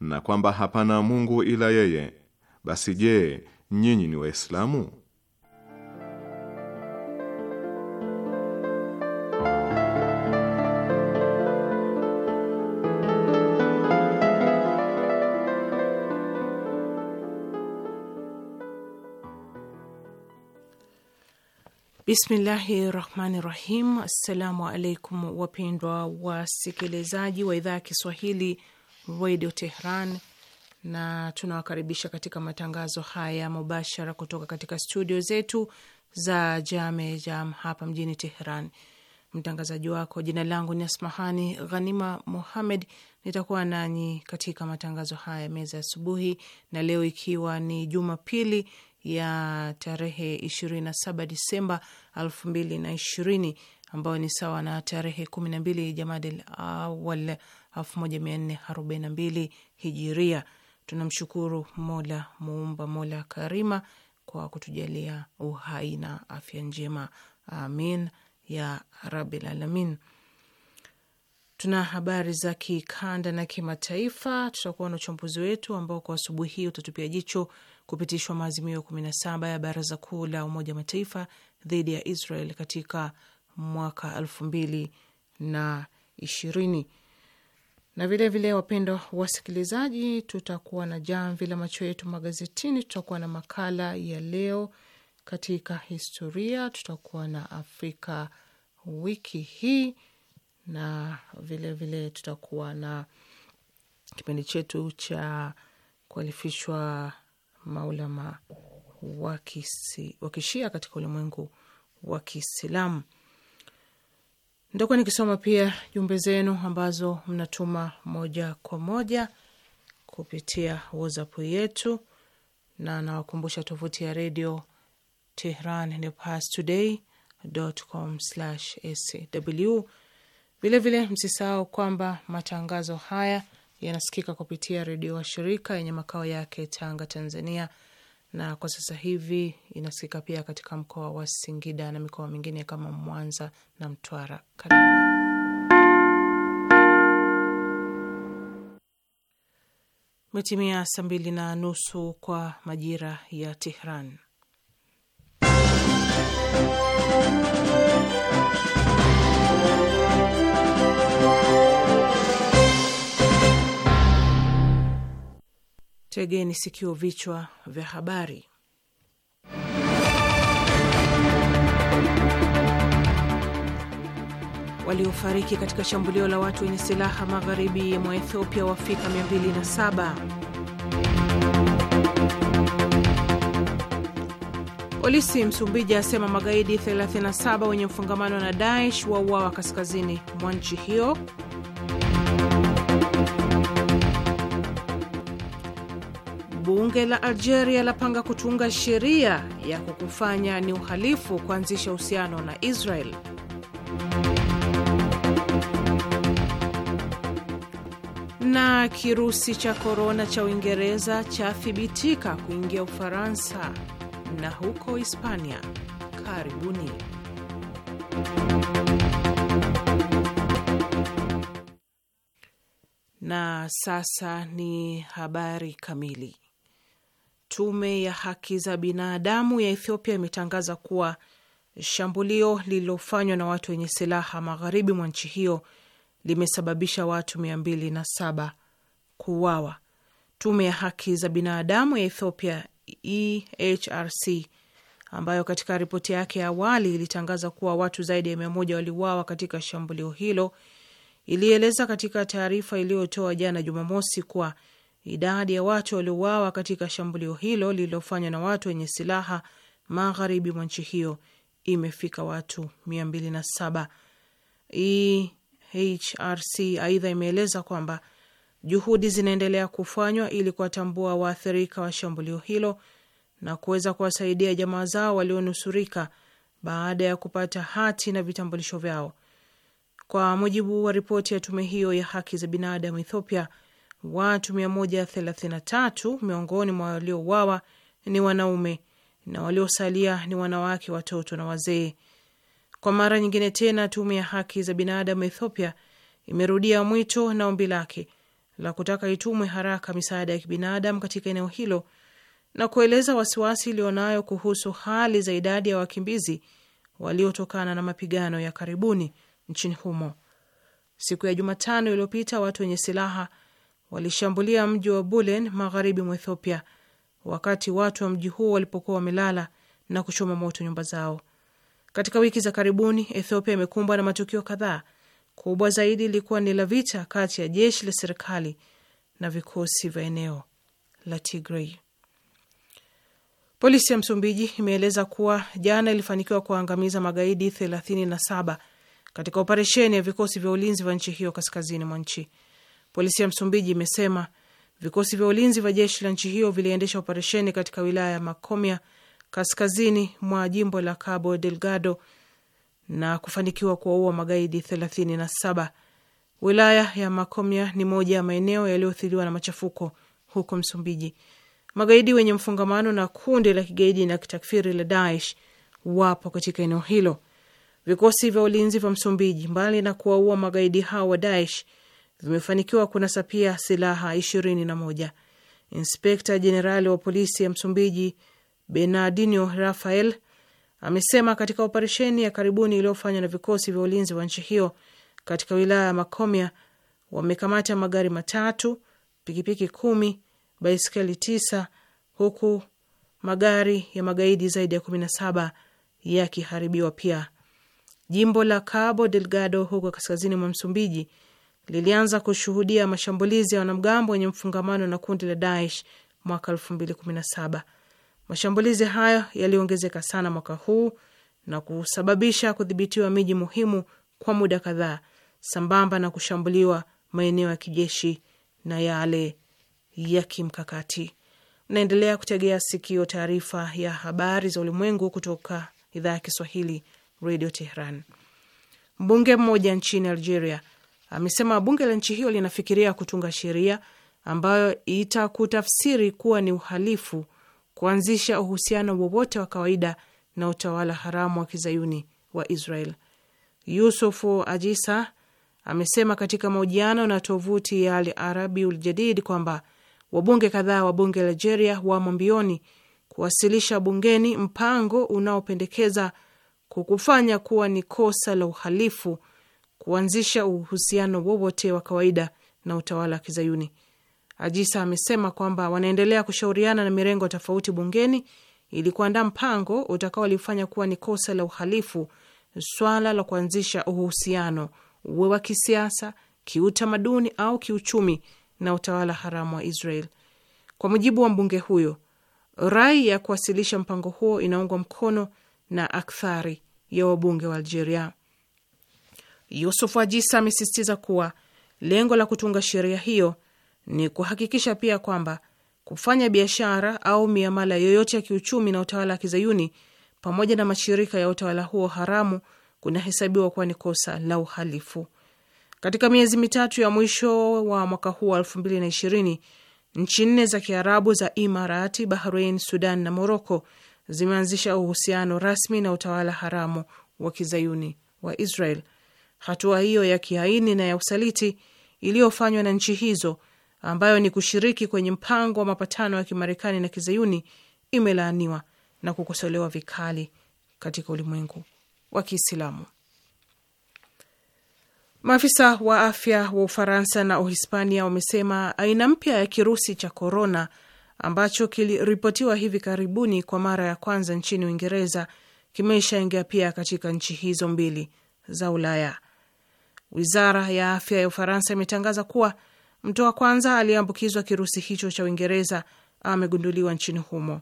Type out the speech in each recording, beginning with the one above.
na kwamba hapana Mungu ila yeye, basi je, nyinyi ni Waislamu? Bismillahi rahmani rahim. Assalamu alaikum wapendwa wasikilizaji wa idhaa ya Kiswahili Radio Tehran, na tunawakaribisha katika matangazo haya mubashara kutoka katika studio zetu za Jame Jam hapa mjini Tehran. Mtangazaji wako, jina langu ni Asmahani Ghanima Muhamed. Nitakuwa nanyi katika matangazo haya meza asubuhi, na leo ikiwa ni Jumapili ya tarehe 27 saba Disemba elfu ishirini ambayo ni sawa na tarehe kumi na mbili Jamadil Awal 1442 hijiria. Tunamshukuru Mola Muumba, Mola Karima, kwa kutujalia uhai na afya njema, amin ya rabil alamin. Tuna habari za kikanda na kimataifa. Tutakuwa na uchambuzi wetu ambao kwa asubuhi hii utatupia jicho kupitishwa maazimio kumi na saba ya Baraza Kuu la Umoja wa Mataifa dhidi ya Israel katika mwaka elfu mbili na ishirini na vilevile, wapendwa wasikilizaji, tutakuwa na jamvi la macho yetu magazetini, tutakuwa na makala ya leo katika historia, tutakuwa na Afrika wiki hii na vilevile vile tutakuwa na kipindi chetu cha kualifishwa maulama wa kishia katika ulimwengu wa Kiislamu ndoko nikisoma pia jumbe zenu ambazo mnatuma moja kwa moja kupitia WhatsApp yetu, na nawakumbusha tovuti ya redio Tehran ni parstoday.com/sw. Vilevile msisahau kwamba matangazo haya yanasikika kupitia redio washirika yenye makao yake Tanga, Tanzania na kwa sasa hivi inasikika pia katika mkoa wa Singida na mikoa mingine kama Mwanza na Mtwara. Metimia saa mbili na nusu kwa majira ya Tehran. Tegeni sikio, vichwa vya habari. Waliofariki katika shambulio la watu wenye silaha magharibi mwa Ethiopia wafika 207. Polisi Msumbiji asema magaidi 37 wenye mfungamano na Daesh wauawa kaskazini mwa nchi hiyo. Bunge la Algeria lapanga kutunga sheria ya kukufanya ni uhalifu kuanzisha uhusiano na Israel. Na kirusi cha korona cha Uingereza chathibitika kuingia Ufaransa na huko Hispania. Karibuni. Na sasa ni habari kamili. Tume ya haki za binadamu ya Ethiopia imetangaza kuwa shambulio lililofanywa na watu wenye silaha magharibi mwa nchi hiyo limesababisha watu mia mbili na saba kuuawa. Tume ya haki za binadamu ya Ethiopia EHRC, ambayo katika ripoti yake ya awali ilitangaza kuwa watu zaidi ya mia moja waliuawa katika shambulio hilo, ilieleza katika taarifa iliyotoa jana Jumamosi kuwa idadi ya watu waliouawa katika shambulio hilo lililofanywa na watu wenye silaha magharibi mwa nchi hiyo imefika watu 207. EHRC aidha imeeleza kwamba juhudi zinaendelea kufanywa ili kuwatambua waathirika wa shambulio hilo na kuweza kuwasaidia jamaa zao walionusurika baada ya kupata hati na vitambulisho vyao. Kwa mujibu wa ripoti ya tume hiyo ya haki za binadamu Ethiopia Watu 133 miongoni mwa waliouawa ni wanaume na waliosalia ni wanawake, watoto na wazee. Kwa mara nyingine tena, tume ya haki za binadamu Ethiopia imerudia mwito na ombi lake la kutaka itumwe haraka misaada ya kibinadamu katika eneo hilo na kueleza wasiwasi iliyonayo kuhusu hali za idadi ya wakimbizi waliotokana na mapigano ya karibuni nchini humo. Siku ya Jumatano iliyopita watu wenye silaha walishambulia mji wa Bulen magharibi mwa Ethiopia wakati watu wa mji huo walipokuwa wamelala na kuchoma moto nyumba zao. Katika wiki za karibuni, Ethiopia imekumbwa na matukio kadhaa. Kubwa zaidi ilikuwa ni la vita kati ya jeshi la serikali na vikosi vya eneo la Tigray. Polisi ya Msumbiji imeeleza kuwa jana ilifanikiwa kuangamiza magaidi 37 katika operesheni ya vikosi vya ulinzi vya nchi hiyo kaskazini mwa nchi. Polisi ya Msumbiji imesema vikosi vya ulinzi vya jeshi la nchi hiyo viliendesha operesheni katika wilaya ya Makomia kaskazini mwa jimbo la Cabo Delgado na kufanikiwa kuwaua magaidi 37. Wilaya ya Makomia ni moja ya maeneo yaliyoathiriwa na machafuko huko Msumbiji. Magaidi wenye mfungamano na kundi la kigaidi na kitakfiri la Daesh wapo katika eneo hilo. Vikosi vya ulinzi vya Msumbiji, mbali na kuwaua magaidi hao wa Daesh, zimefanikiwa kunasa pia silaha ishirini na moja. Inspekta Jenerali wa polisi ya Msumbiji Bernardino Rafael amesema katika operesheni ya karibuni iliyofanywa na vikosi vya ulinzi wa nchi hiyo katika wilaya ya Makomia wamekamata magari matatu, pikipiki kumi, baiskeli tisa, huku magari ya magaidi zaidi ya kumi na saba yakiharibiwa pia. Jimbo la Cabo Delgado huko kaskazini mwa Msumbiji lilianza kushuhudia mashambulizi ya wanamgambo wenye mfungamano na kundi la Daesh mwaka saba. Mashambulizi hayo yaliongezeka sana mwaka huu na kusababisha kudhibitiwa miji muhimu kwa muda kadhaa, sambamba na kushambuliwa maeneo ya kijeshi na yale ya kimkakati. Naendelea kutegea sikio taarifa ya habari za ulimwengu kutoka idhaa ya Kiswahili, Radio Tehran. Mbunge mmoja nchini Algeria amesema bunge la nchi hiyo linafikiria kutunga sheria ambayo itakutafsiri kuwa ni uhalifu kuanzisha uhusiano wowote wa kawaida na utawala haramu wa kizayuni wa Israel. Yusufu Ajisa amesema katika mahojiano na tovuti ya Al Arabi Uljadid kwamba wabunge kadhaa wa bunge la Algeria wamo mbioni kuwasilisha bungeni mpango unaopendekeza kukufanya kuwa ni kosa la uhalifu kuanzisha uhusiano wowote wa kawaida na utawala wa Kizayuni. Ajisa amesema kwamba wanaendelea kushauriana na mirengo tofauti bungeni ili kuandaa mpango utakaolifanya kuwa ni kosa la uhalifu swala la kuanzisha uhusiano uwe wa kisiasa, kiutamaduni au kiuchumi na utawala haramu wa Israel. Kwa mujibu wa mbunge huyo, rai ya kuwasilisha mpango huo inaungwa mkono na akthari ya wabunge wa Algeria. Yusufu Ajisa amesisitiza kuwa lengo la kutunga sheria hiyo ni kuhakikisha pia kwamba kufanya biashara au miamala yoyote ya kiuchumi na utawala wa kizayuni pamoja na mashirika ya utawala huo haramu kunahesabiwa kuwa ni kosa la uhalifu. Katika miezi mitatu ya mwisho wa mwaka huu wa elfu mbili na ishirini, nchi nne za Kiarabu za Imarati, Bahrain, Sudan na Moroko zimeanzisha uhusiano rasmi na utawala haramu wa kizayuni wa Israel hatua hiyo ya kihaini na ya usaliti iliyofanywa na nchi hizo ambayo ni kushiriki kwenye mpango wa mapatano ya Kimarekani na Kizayuni imelaaniwa na kukosolewa vikali katika ulimwengu wa Kiislamu. Maafisa wa afya wa Ufaransa na Uhispania wamesema aina mpya ya kirusi cha korona ambacho kiliripotiwa hivi karibuni kwa mara ya kwanza nchini Uingereza kimeshaingia pia katika nchi hizo mbili za Ulaya. Wizara ya afya ya Ufaransa imetangaza kuwa mtu wa kwanza aliyeambukizwa kirusi hicho cha Uingereza amegunduliwa nchini humo.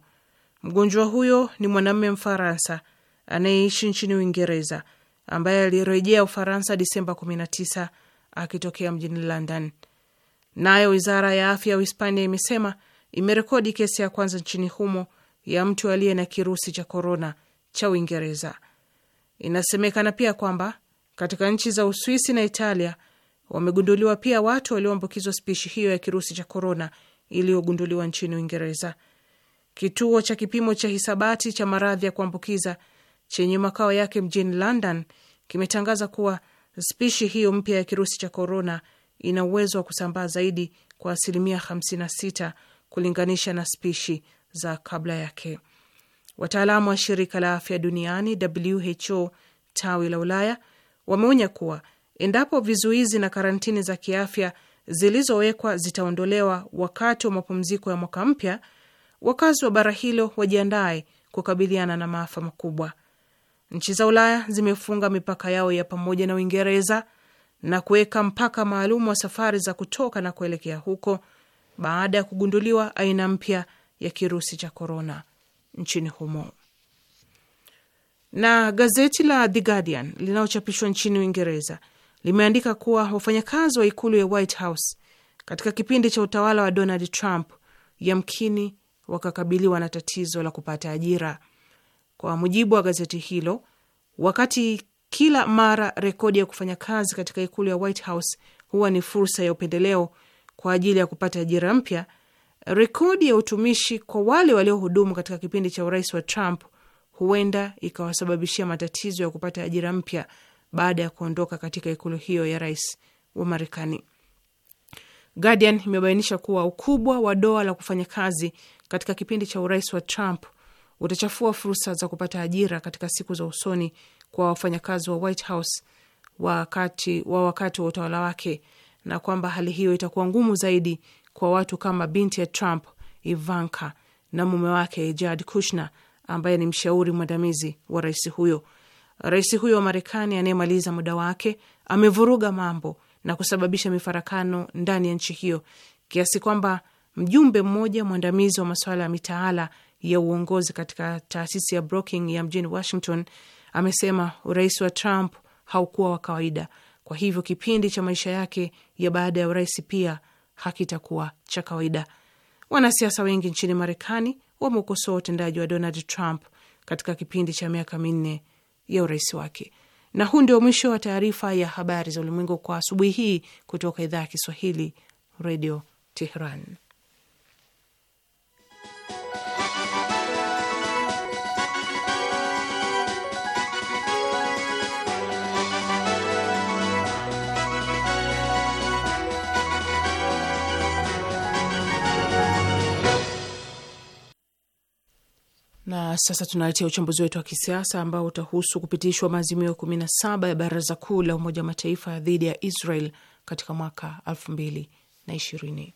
Mgonjwa huyo ni mwanamume Mfaransa anayeishi nchini Uingereza ambaye alirejea Ufaransa Disemba 19 akitokea mjini London. Nayo wizara ya afya ya Uhispania imesema imerekodi kesi ya kwanza nchini humo ya mtu aliye na kirusi cha korona cha Uingereza. Inasemekana pia kwamba katika nchi za Uswisi na Italia wamegunduliwa pia watu walioambukizwa spishi hiyo ya kirusi cha korona iliyogunduliwa nchini Uingereza. Kituo cha kipimo cha hisabati cha maradhi ya kuambukiza chenye makao yake mjini London kimetangaza kuwa spishi hiyo mpya ya kirusi cha korona ina uwezo wa kusambaa zaidi kwa asilimia 56 kulinganisha na spishi za kabla yake. Wataalamu wa shirika la afya duniani WHO tawi la Ulaya Wameonya kuwa endapo vizuizi na karantini za kiafya zilizowekwa zitaondolewa wakati wa mapumziko ya mwaka mpya, wakazi wa bara hilo wajiandaye kukabiliana na maafa makubwa. Nchi za Ulaya zimefunga mipaka yao ya pamoja na Uingereza na kuweka mpaka maalum wa safari za kutoka na kuelekea huko baada ya kugunduliwa aina mpya ya kirusi cha korona nchini humo. Na gazeti la The Guardian linalochapishwa nchini Uingereza limeandika kuwa wafanyakazi wa ikulu ya White House katika kipindi cha utawala wa Donald Trump yamkini wakakabiliwa na tatizo la kupata ajira. Kwa mujibu wa gazeti hilo, wakati kila mara rekodi ya kufanya kazi katika ikulu ya White House huwa ni fursa ya upendeleo kwa ajili ya kupata ajira mpya, rekodi ya utumishi kwa wale waliohudumu katika kipindi cha urais wa Trump huenda ikawasababishia matatizo ya kupata ajira mpya baada ya kuondoka katika ikulu hiyo ya rais wa Marekani. Guardian imebainisha kuwa ukubwa wa doa la kufanya kazi katika kipindi cha urais wa Trump utachafua fursa za kupata ajira katika siku za usoni kwa wafanyakazi wa White House wakati wa wakati wa utawala wake, na kwamba hali hiyo itakuwa ngumu zaidi kwa watu kama binti ya Trump Ivanka na mume wake Jared Kushner ambaye ni mshauri mwandamizi wa rais huyo. Rais huyo wa Marekani anayemaliza muda wake amevuruga mambo na kusababisha mifarakano ndani ya nchi hiyo kiasi kwamba mjumbe mmoja mwandamizi wa masuala ya mitaala ya uongozi katika taasisi ya Brookings ya mjini Washington amesema urais wa Trump haukuwa wa kawaida, kwa hivyo kipindi cha maisha yake ya baada ya urais pia hakitakuwa cha kawaida. Wanasiasa wengi nchini Marekani wameukosoa utendaji wa Donald Trump katika kipindi cha miaka minne ya urais wake. Na huu ndio mwisho wa taarifa ya habari za ulimwengu kwa asubuhi hii kutoka idhaa ya Kiswahili, Redio Tehran. Na sasa tunaletea uchambuzi wetu wa kisiasa ambao utahusu kupitishwa maazimio kumi na saba ya Baraza Kuu la Umoja wa Mataifa dhidi ya Israel katika mwaka elfu mbili na ishirini.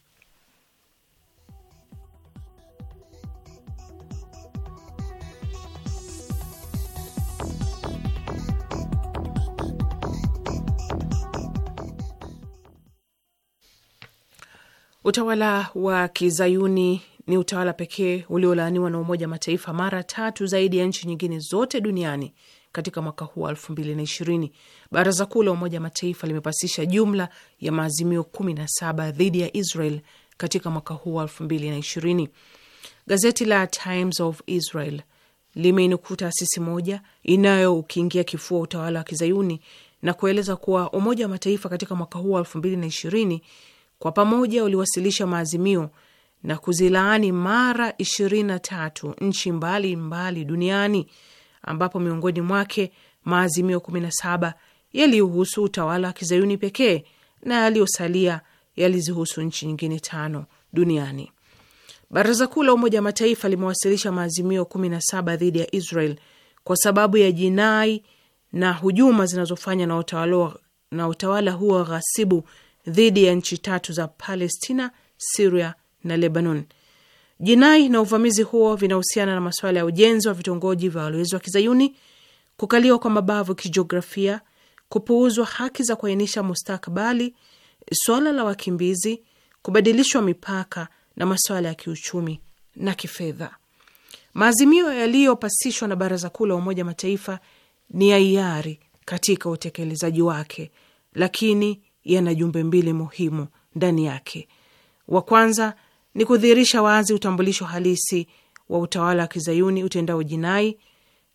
Utawala wa kizayuni ni utawala pekee uliolaaniwa na Umoja Mataifa mara tatu zaidi ya nchi nyingine zote duniani katika mwaka huu wa elfu mbili na ishirini. Baraza Kuu la Umoja wa Mataifa limepasisha jumla ya maazimio kumi na saba dhidi ya Israel katika mwaka huu wa elfu mbili na ishirini. Gazeti la Times of Israel limeinukuu taasisi moja inayoukingia kifua utawala wa kizayuni na kueleza kuwa Umoja wa Mataifa katika mwaka huu wa elfu mbili na ishirini kwa pamoja uliwasilisha maazimio na kuzilaani mara ishirini na tatu nchi mbalimbali mbali duniani ambapo miongoni mwake maazimio saba yaliyohusu utawala wa kizayuni pekee na yaliyosalia yalizihusu nchi nyingine tano duniani. Baraza Kuu la Umoja wa Mataifa limewasilisha maazimio saba dhidi ya Israel kwa sababu ya jinai na hujuma zinazofanya na utawala, na utawala huo ghasibu dhidi ya nchi tatu za Palestina, Siria na Lebanon. Jinai na uvamizi huo vinahusiana na masuala ya ujenzi wa vitongoji vya walowezi wa Kizayuni, kukaliwa kwa mabavu kijiografia, kupuuzwa haki za kuainisha mustakabali, suala la wakimbizi, kubadilishwa mipaka na masuala ya kiuchumi na kifedha. Maazimio yaliyopasishwa na Baraza Kuu la Umoja Mataifa ni ya hiari katika utekelezaji wake, lakini yana jumbe mbili muhimu ndani yake. Wa kwanza ni kudhihirisha wazi utambulisho halisi wa utawala wa kizayuni utendao jinai,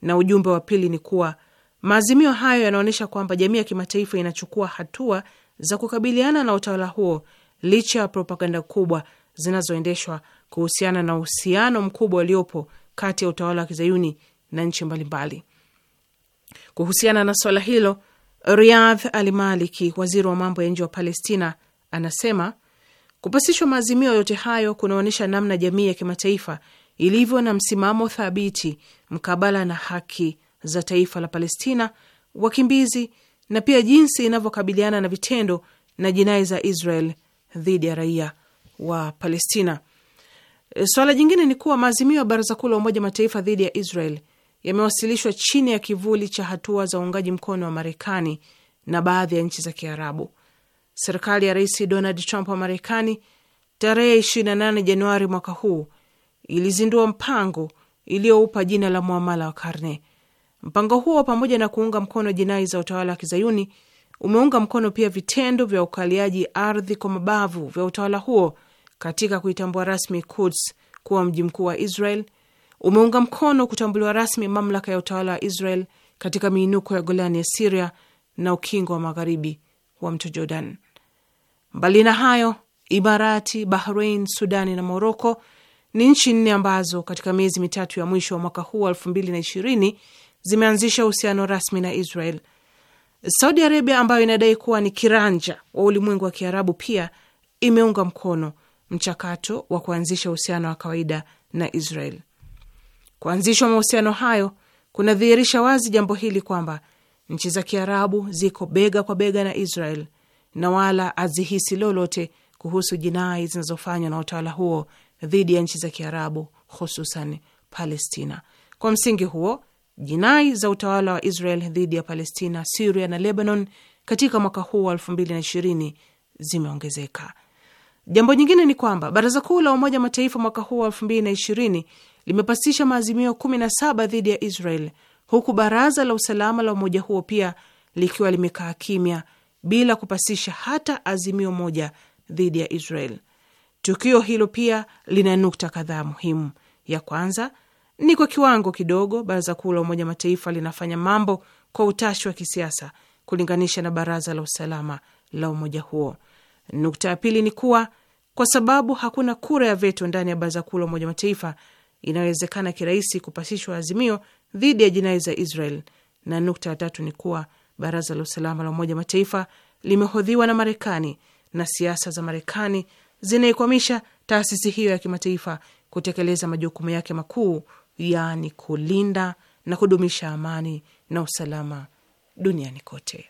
na ujumbe wa pili ni kuwa maazimio hayo yanaonyesha kwamba jamii ya kimataifa inachukua hatua za kukabiliana na utawala huo licha ya propaganda kubwa zinazoendeshwa kuhusiana na uhusiano mkubwa uliopo kati ya utawala wa kizayuni na nchi mbalimbali. Kuhusiana na swala hilo, Riyadh Al Maliki, waziri wa mambo ya nje wa Palestina, anasema Kupasishwa maazimio yote hayo kunaonyesha namna jamii ya kimataifa ilivyo na msimamo thabiti mkabala na haki za taifa la Palestina, wakimbizi, na pia jinsi inavyokabiliana na vitendo na jinai za Israel dhidi ya raia wa Palestina. E, Swala jingine ni kuwa maazimio ya Baraza Kuu la Umoja Mataifa dhidi ya Israel yamewasilishwa chini ya kivuli cha hatua za uungaji mkono wa Marekani na baadhi ya nchi za Kiarabu serikali ya Rais Donald Trump wa Marekani tarehe 28 Januari mwaka huu ilizindua mpango iliyoupa jina la mwamala wa karne. Mpango huo pamoja na kuunga mkono jinai za utawala wa kizayuni umeunga mkono pia vitendo vya ukaliaji ardhi kwa mabavu vya utawala huo katika kuitambua rasmi Quds kuwa mji mkuu wa Israel. Umeunga mkono kutambuliwa rasmi mamlaka ya utawala wa Israel katika miinuko ya Golani ya Siria na ukingo wa magharibi wa mto Jordan. Mbali na hayo, Imarati, Bahrain, Sudani na Moroko ni nchi nne ambazo katika miezi mitatu ya mwisho wa mwaka huu wa elfu mbili na ishirini zimeanzisha uhusiano rasmi na Israel. Saudi Arabia ambayo inadai kuwa ni kiranja wa ulimwengu wa Kiarabu pia imeunga mkono mchakato wa kuanzisha uhusiano wa kawaida na Israel. Kuanzishwa mahusiano hayo kunadhihirisha wazi jambo hili kwamba nchi za Kiarabu ziko bega kwa bega na Israel na wala azihisi lolote kuhusu jinai zinazofanywa na utawala huo dhidi ya nchi za Kiarabu, hususan Palestina. Kwa msingi huo, jinai za utawala wa Israel dhidi ya Palestina, Siria na Lebanon katika mwaka huu wa ishirini zimeongezeka. Jambo nyingine ni kwamba Baraza Kuu la Umoja Mataifa mwaka huu wa ishirini limepasisha maazimio saba dhidi ya Israel, huku Baraza la Usalama la umoja huo pia likiwa limekaa kimya bila kupasisha hata azimio moja dhidi ya Israel. Tukio hilo pia lina nukta kadhaa muhimu. Ya kwanza ni kwa kiwango kidogo Baraza Kuu la Umoja Mataifa linafanya mambo kwa utashi wa kisiasa kulinganisha na Baraza la Usalama la umoja huo. Nukta ya pili ni kuwa kwa sababu hakuna kura ya veto ndani ya Baraza Kuu la Umoja Mataifa, inawezekana kirahisi kupasishwa azimio dhidi ya jinai za Israel. Na nukta ya tatu ni kuwa Baraza la usalama la Umoja Mataifa limehodhiwa na Marekani na siasa za Marekani zinaikwamisha taasisi hiyo ya kimataifa kutekeleza majukumu yake makuu, yaani kulinda na kudumisha amani na usalama duniani kote.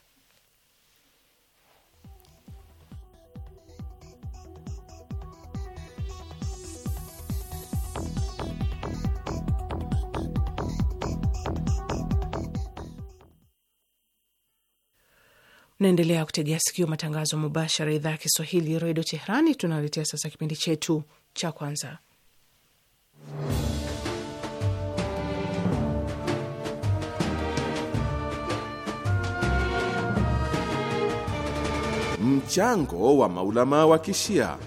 Naendelea kutegea sikio matangazo mubashara idhaa ya Kiswahili redio Teherani. Tunaletea sasa kipindi chetu cha kwanza, mchango wa maulama wa kishia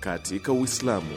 katika Uislamu.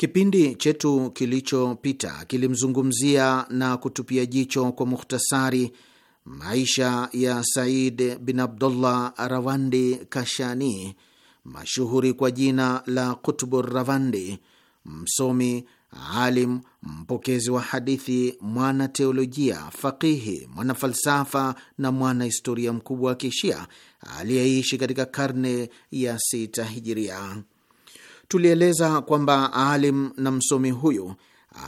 Kipindi chetu kilichopita kilimzungumzia na kutupia jicho kwa muhtasari maisha ya Said bin Abdullah Rawandi Kashani, mashuhuri kwa jina la Kutbu Rawandi, msomi alim, mpokezi wa hadithi, mwana teolojia, faqihi, mwana falsafa na mwana historia mkubwa wa Kishia aliyeishi katika karne ya sita hijiria tulieleza kwamba alim na msomi huyu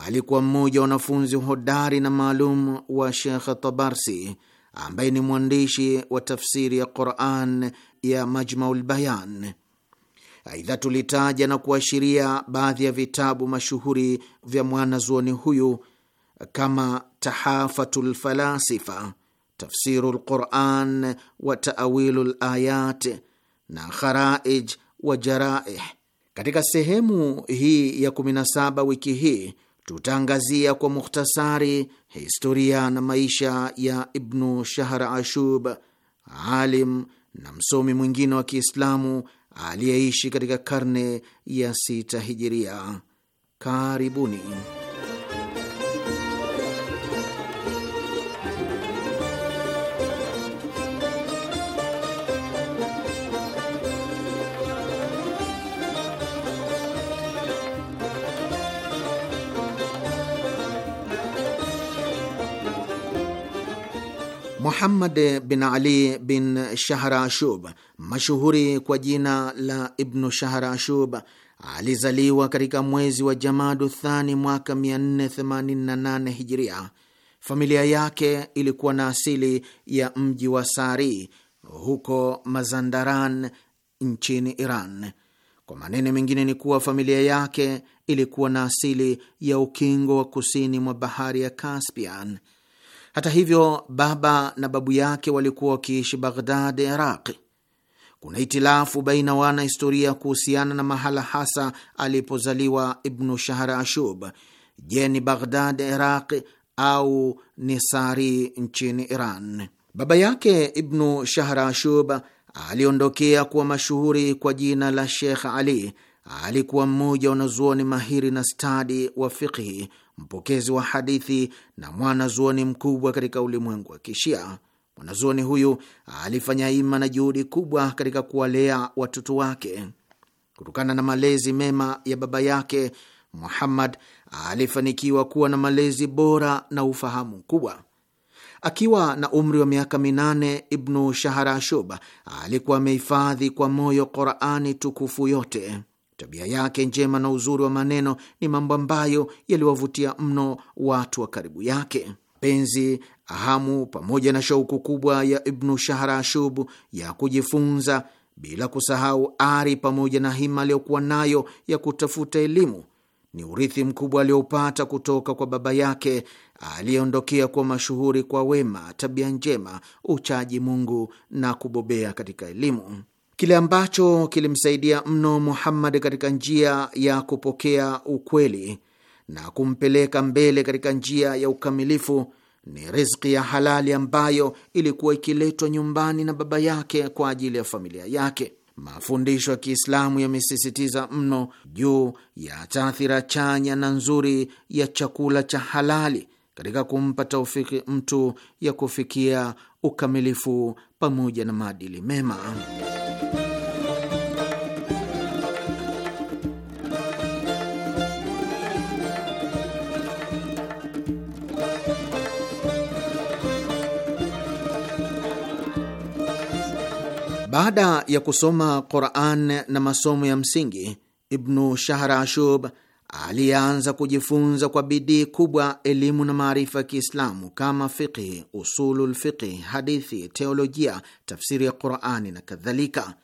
alikuwa mmoja wa wanafunzi hodari na maalum wa Shekh Tabarsi ambaye ni mwandishi wa tafsiri ya Quran ya Majmaul Bayan. Aidha, tulitaja na kuashiria baadhi ya vitabu mashuhuri vya mwanazuoni huyu kama Tahafatu lFalasifa, Tafsiru lQuran wa Taawilu Layat na Kharaij wa Jaraih katika sehemu hii ya 17 wiki hii tutaangazia kwa mukhtasari historia na maisha ya Ibnu Shahr Ashub, alim na msomi mwingine wa Kiislamu aliyeishi katika karne ya sita hijiria. Karibuni. Muhammad bin Ali bin Shahrashub, mashuhuri kwa jina la Ibnu Shahrashub, alizaliwa katika mwezi wa Jamadu Thani mwaka 488 Hijiria. Familia yake ilikuwa na asili ya mji wa Sari huko Mazandaran nchini Iran. Kwa maneno mengine ni kuwa familia yake ilikuwa na asili ya ukingo wa kusini mwa bahari ya Caspian. Hata hivyo, baba na babu yake walikuwa wakiishi Baghdad, Iraqi. Kuna itilafu baina wana historia kuhusiana na mahala hasa alipozaliwa Ibnu Shahr Ashub. Je, ni Baghdad, Iraqi au ni Sari nchini Iran? Baba yake Ibnu Shahr Ashub aliondokea kuwa mashuhuri kwa jina la Shekh Ali alikuwa mmoja wanazuoni mahiri na stadi wa fikhi, mpokezi wa hadithi na mwanazuoni mkubwa katika ulimwengu wa Kishia. Mwanazuoni huyu alifanya ima na juhudi kubwa katika kuwalea watoto wake. Kutokana na malezi mema ya baba yake, Muhammad alifanikiwa kuwa na malezi bora na ufahamu mkubwa. Akiwa na umri wa miaka minane, Ibnu Shaharashub alikuwa amehifadhi kwa moyo Qorani tukufu yote. Tabia yake njema na uzuri wa maneno ni mambo ambayo yaliwavutia mno watu wa karibu yake. Penzi, hamu pamoja na shauku kubwa ya Ibnu Shahrashub ya kujifunza, bila kusahau ari pamoja na hima aliyokuwa nayo ya kutafuta elimu ni urithi mkubwa aliyopata kutoka kwa baba yake aliyeondokea kuwa mashuhuri kwa wema, tabia njema, uchaji Mungu na kubobea katika elimu kile ambacho kilimsaidia mno Muhammad katika njia ya kupokea ukweli na kumpeleka mbele katika njia ya ukamilifu ni riziki ya halali ambayo ilikuwa ikiletwa nyumbani na baba yake kwa ajili ya familia yake. Mafundisho ya Kiislamu yamesisitiza mno juu ya taathira chanya na nzuri ya chakula cha halali katika kumpa taufiki mtu ya kufikia ukamilifu pamoja na maadili mema. Baada ya kusoma Quran na masomo ya msingi, Ibnu Shahrashub alianza kujifunza kwa bidii kubwa elimu na maarifa ya Kiislamu kama fiqhi, usulul fiqhi, hadithi, teolojia, tafsiri ya Qurani na kadhalika.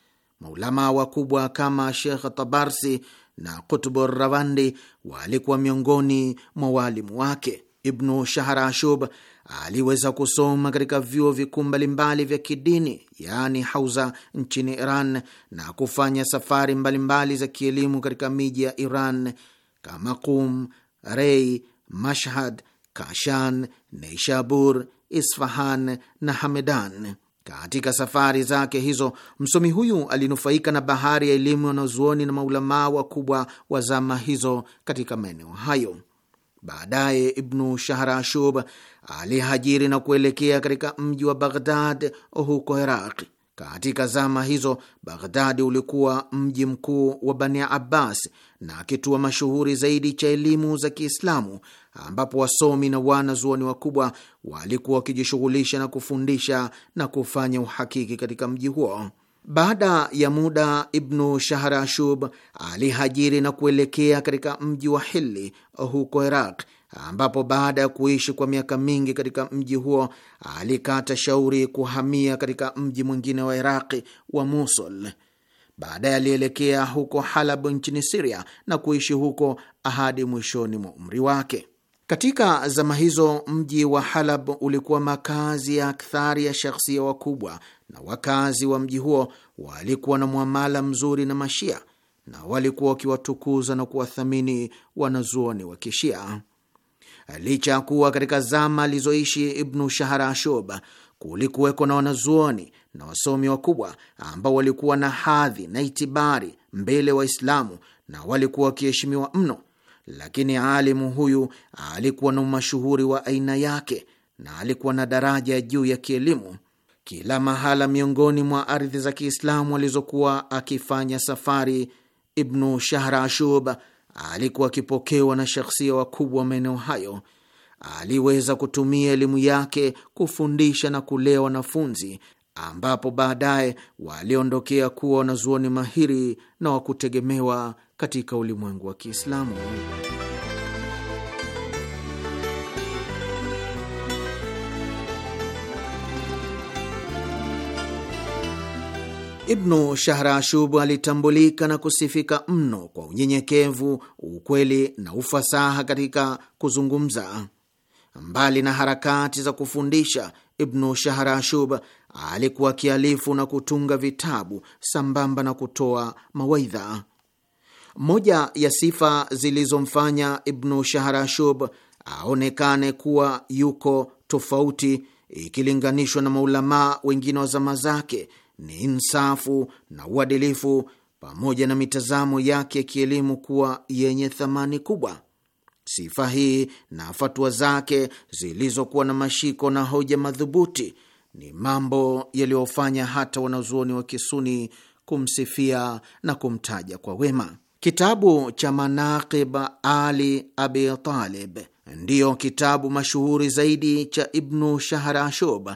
Maulama wakubwa kama Shekh Tabarsi na Kutubu Rawandi walikuwa miongoni mwa waalimu wake. Ibnu Shahrashub aliweza kusoma katika vyuo vikuu mbalimbali vya kidini yaani hauza nchini Iran na kufanya safari mbalimbali mbali za kielimu katika miji ya Iran kama Qum, Rei, Mashhad, Kashan, Neishabur, Isfahan na Hamedan. Katika safari zake hizo msomi huyu alinufaika na bahari ya elimu wanazuoni na maulamaa wakubwa wa zama hizo katika maeneo hayo. Baadaye Ibnu Shahrashub alihajiri na kuelekea katika mji wa Baghdad huko Iraqi. Katika zama hizo Baghdadi ulikuwa mji mkuu wa Bani Abbas na kituo mashuhuri zaidi cha elimu za Kiislamu, ambapo wasomi na wanazuoni wakubwa walikuwa wakijishughulisha na kufundisha na kufanya uhakiki katika mji huo. Baada ya muda, Ibnu Shahrashub alihajiri na kuelekea katika mji wa Hili huko Iraq ambapo baada ya kuishi kwa miaka mingi katika mji huo alikata shauri kuhamia katika mji mwingine wa Iraqi wa Mosul. Baadaye alielekea huko Halab nchini Siria na kuishi huko hadi mwishoni mwa umri wake. Katika zama hizo mji wa Halab ulikuwa makazi ya akthari ya shakhsia wakubwa, na wakazi wa mji huo walikuwa na mwamala mzuri na Mashia na walikuwa wakiwatukuza na kuwathamini wanazuoni wa Kishia licha ya kuwa katika zama alizoishi Ibnu Shahrashub kulikuweko na wanazuoni na wasomi wakubwa ambao walikuwa na hadhi na itibari mbele Waislamu na walikuwa wakiheshimiwa mno, lakini alimu huyu alikuwa na umashuhuri wa aina yake na alikuwa na daraja ya juu ya kielimu. Kila mahala miongoni mwa ardhi za Kiislamu alizokuwa akifanya safari, Ibnu Shahrashub alikuwa akipokewa na shakhsia wakubwa wa maeneo hayo. Aliweza kutumia elimu yake kufundisha na kulea wanafunzi, ambapo baadaye waliondokea kuwa wanazuoni mahiri na wakutegemewa katika ulimwengu wa Kiislamu. Ibnu Shahrashub alitambulika na kusifika mno kwa unyenyekevu, ukweli na ufasaha katika kuzungumza. Mbali na harakati za kufundisha, Ibnu Shahrashub alikuwa kialifu na kutunga vitabu sambamba na kutoa mawaidha. Moja ya sifa zilizomfanya Ibnu Shahrashub aonekane kuwa yuko tofauti ikilinganishwa na maulamaa wengine wa zama zake ni insafu na uadilifu pamoja na mitazamo yake ya kielimu kuwa yenye thamani kubwa. Sifa hii na fatua zake zilizokuwa na mashiko na hoja madhubuti ni mambo yaliyofanya hata wanazuoni wa Kisuni kumsifia na kumtaja kwa wema. Kitabu cha Manaqib Ali Abi Talib ndiyo kitabu mashuhuri zaidi cha Ibnu Shahrashub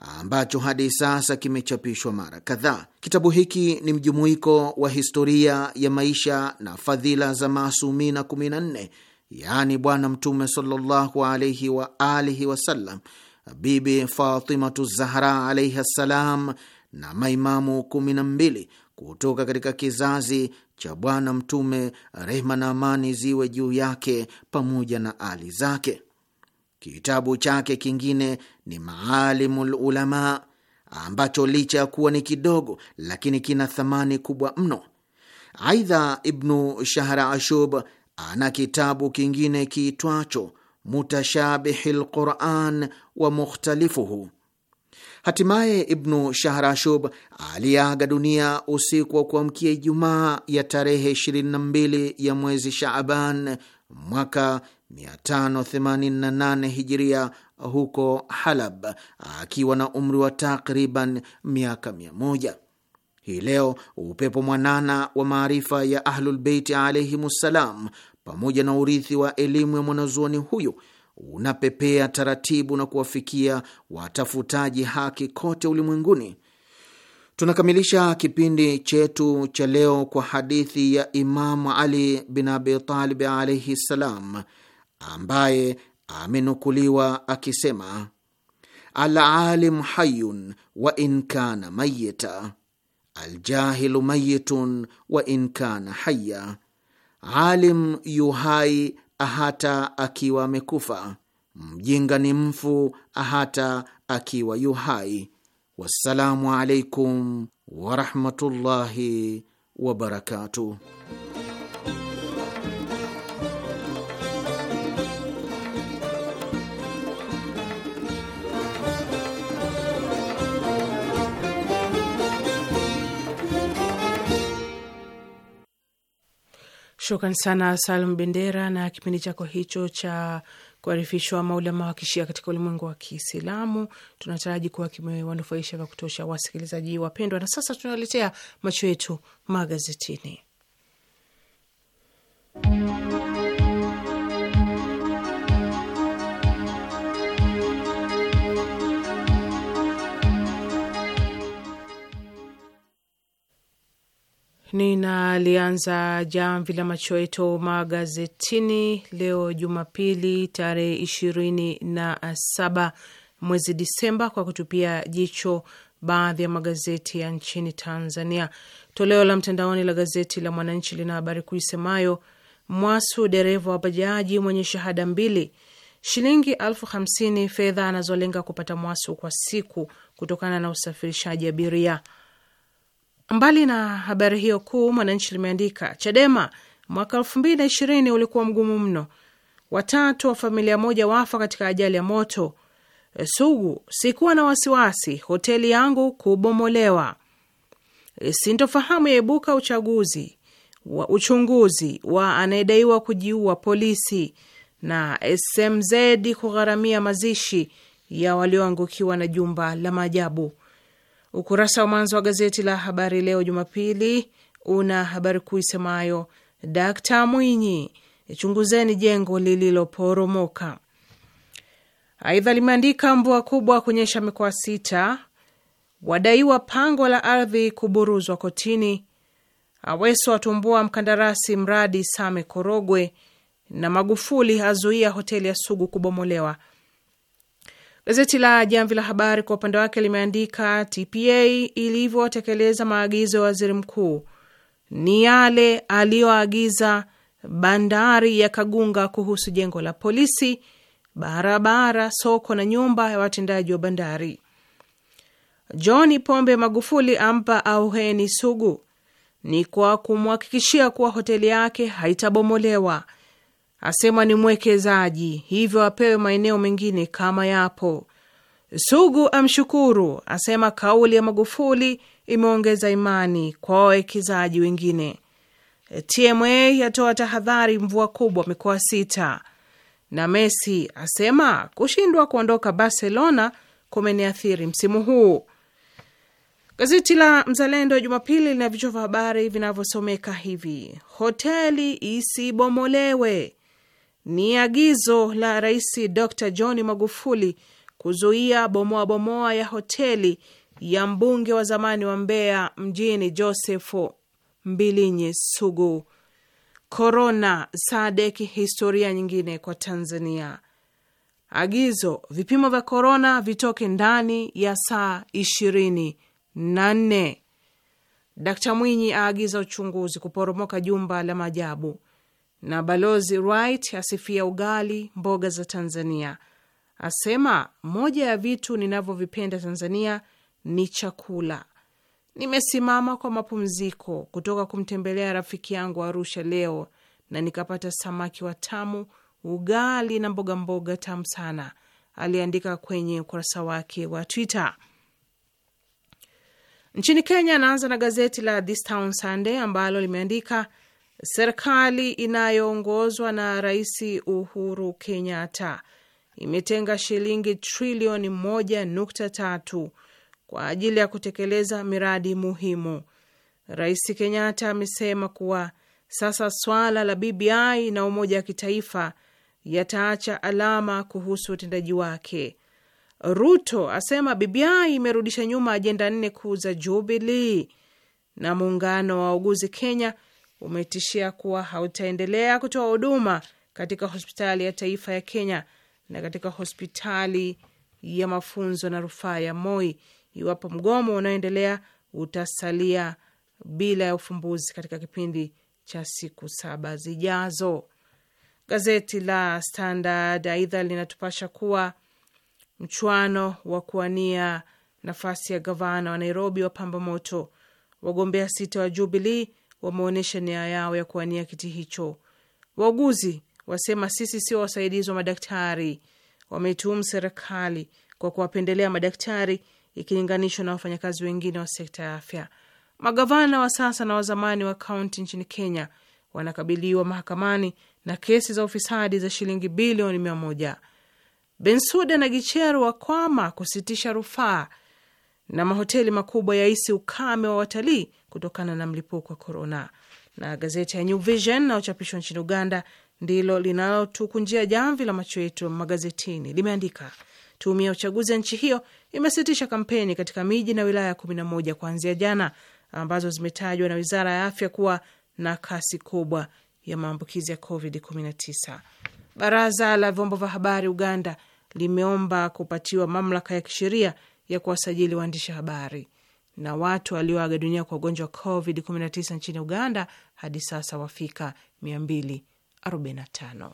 ambacho hadi sasa kimechapishwa mara kadhaa. Kitabu hiki ni mjumuiko wa historia ya maisha na fadhila za maasumina 14 yaani Bwana Mtume sallallahu alaihi wa alihi wasallam, Bibi Fatimatu Zahra alaihi ssalam na maimamu 12 kutoka katika kizazi cha Bwana Mtume, rehma na amani ziwe juu yake pamoja na ali zake. Kitabu chake kingine ni Maalimul Ulama ambacho licha ya kuwa ni kidogo lakini kina thamani kubwa mno. Aidha, Ibnu Shahra Ashub ana kitabu kingine kiitwacho Mutashabihi lquran wa mukhtalifuhu. Hatimaye Ibnu Shahrashub aliaga dunia usiku wa kuamkia Ijumaa ya tarehe 22 ya mwezi Shaaban mwaka 588 hijiria huko Halab akiwa na umri wa takriban miaka mia moja. Hii leo upepo mwanana wa maarifa ya Ahlulbeiti alaihimussalam pamoja na urithi wa elimu ya mwanazuoni huyu unapepea taratibu na kuwafikia watafutaji haki kote ulimwenguni. Tunakamilisha kipindi chetu cha leo kwa hadithi ya Imamu Ali bin Abitalib alaihi ssalam ambaye amenukuliwa akisema alalim hayun wa in kana mayita, aljahilu mayitun wa in kana haya, alim yu hai ahata akiwa amekufa, mjinga ni mfu ahata akiwa yu hai. Wassalamu alaikum warahmatullahi wabarakatuh. Shukran sana Salum Bendera na kipindi chako hicho cha kuarifishwa maulama wa kishia katika ulimwengu wa Kiislamu. Tunataraji kuwa kimewanufaisha vya kutosha wasikilizaji wapendwa. Na sasa tunaletea macho yetu magazetini Ninalianza jamvi la macho yetu magazetini leo Jumapili tarehe ishirini na saba mwezi Disemba kwa kutupia jicho baadhi ya magazeti ya nchini Tanzania. Toleo la mtandaoni la gazeti la Mwananchi lina habari kuu isemayo Mwasu dereva wa bajaji mwenye shahada mbili, shilingi elfu hamsini fedha anazolenga kupata Mwasu kwa siku kutokana na usafirishaji abiria. Mbali na habari hiyo kuu, Mwananchi limeandika Chadema, mwaka elfu mbili na ishirini ulikuwa mgumu mno, watatu wa familia moja wafa katika ajali ya moto. Eh, Sugu, sikuwa na wasiwasi, hoteli yangu kubomolewa. Eh, sintofahamu yaibuka uchaguzi wa uchunguzi wa anayedaiwa kujiua polisi, na SMZ kugharamia mazishi ya walioangukiwa na jumba la maajabu. Ukurasa wa mwanzo wa gazeti la Habari Leo Jumapili una habari kuu isemayo Dkt Mwinyi, chunguzeni jengo lililoporomoka. Aidha limeandika mvua kubwa kunyesha mikoa sita, wadaiwa pango la ardhi kuburuzwa kotini, Aweso atumbua mkandarasi mradi Same Korogwe, na Magufuli azuia hoteli ya Sugu kubomolewa Gazeti la Jamvi la Habari kwa upande wake limeandika TPA ilivyotekeleza maagizo ya waziri mkuu ni yale aliyoagiza bandari ya Kagunga kuhusu jengo la polisi, barabara, soko na nyumba ya watendaji wa bandari. John Pombe Magufuli ampa auheni Sugu ni kwa kumhakikishia kuwa hoteli yake haitabomolewa asema ni mwekezaji, hivyo apewe maeneo mengine kama yapo. Sugu amshukuru, asema kauli ya Magufuli imeongeza imani kwa wawekezaji wengine. TMA yatoa tahadhari mvua kubwa mikoa sita, na Messi asema kushindwa kuondoka Barcelona kumeniathiri msimu huu. Gazeti la Mzalendo Jumapili lina vichwa vya habari vinavyosomeka hivi: hoteli isibomolewe, ni agizo la Rais Dr John Magufuli kuzuia bomoa bomoa ya hoteli ya mbunge wa zamani wa Mbeya mjini josefu Mbilinyi Sugu. Korona Sadek, historia nyingine kwa Tanzania. Agizo: vipimo vya korona vitoke ndani ya saa ishirini na nne. Dkt Mwinyi aagiza uchunguzi kuporomoka jumba la maajabu na balozi Wright asifia ugali, mboga za Tanzania, asema moja ya vitu ninavyovipenda Tanzania ni chakula. Nimesimama kwa mapumziko kutoka kumtembelea rafiki yangu Arusha leo na nikapata samaki watamu, ugali na mboga mboga tamu sana, aliandika kwenye ukurasa wake wa Twitter. Nchini Kenya, anaanza na gazeti la This Town Sunday ambalo limeandika Serikali inayoongozwa na Rais Uhuru Kenyatta imetenga shilingi trilioni moja nukta tatu kwa ajili ya kutekeleza miradi muhimu. Rais Kenyatta amesema kuwa sasa swala la BBI na umoja wa kitaifa yataacha alama kuhusu utendaji wake. Ruto asema BBI imerudisha nyuma ajenda nne kuu za Jubilee, na muungano wa wauguzi Kenya umetishia kuwa hautaendelea kutoa huduma katika hospitali ya taifa ya Kenya na katika hospitali ya mafunzo na rufaa ya Moi iwapo mgomo unaoendelea utasalia bila ya ufumbuzi katika kipindi cha siku saba zijazo. Gazeti la Standard aidha linatupasha kuwa mchuano wa kuwania nafasi ya gavana wa Nairobi wa moto. Wagombea sita wa Jubilee wameonyesha nia yao ya kuwania kiti hicho. Wauguzi wasema sisi sio wasaidizi wa madaktari. Wametuhumu serikali kwa kuwapendelea madaktari ikilinganishwa na wafanyakazi wengine wa sekta ya afya. Magavana wa sasa na wazamani wa kaunti nchini Kenya wanakabiliwa mahakamani na kesi za ufisadi za shilingi bilioni mia moja. Bensuda na Gicheru wakwama kusitisha rufaa. Na mahoteli makubwa isi ukame wa watalii kutokana na mlipuko wa korona. Na gazeti ya New Vision naochapishwa nchini Uganda ndilo linalotukunjia jamvi la macho yetu magazetini. Limeandika tume ya uchaguzi ya nchi hiyo imesitisha kampeni katika miji na wilaya kumi na moja kuanzia jana, ambazo zimetajwa na wizara ya afya kuwa na kasi kubwa ya maambukizi ya Covid 19. Baraza la vyombo vya habari Uganda limeomba kupatiwa mamlaka ya kisheria ya kuwasajili waandishi habari na watu walioaga dunia kwa ugonjwa wa Covid 19 nchini Uganda hadi sasa wafika 245.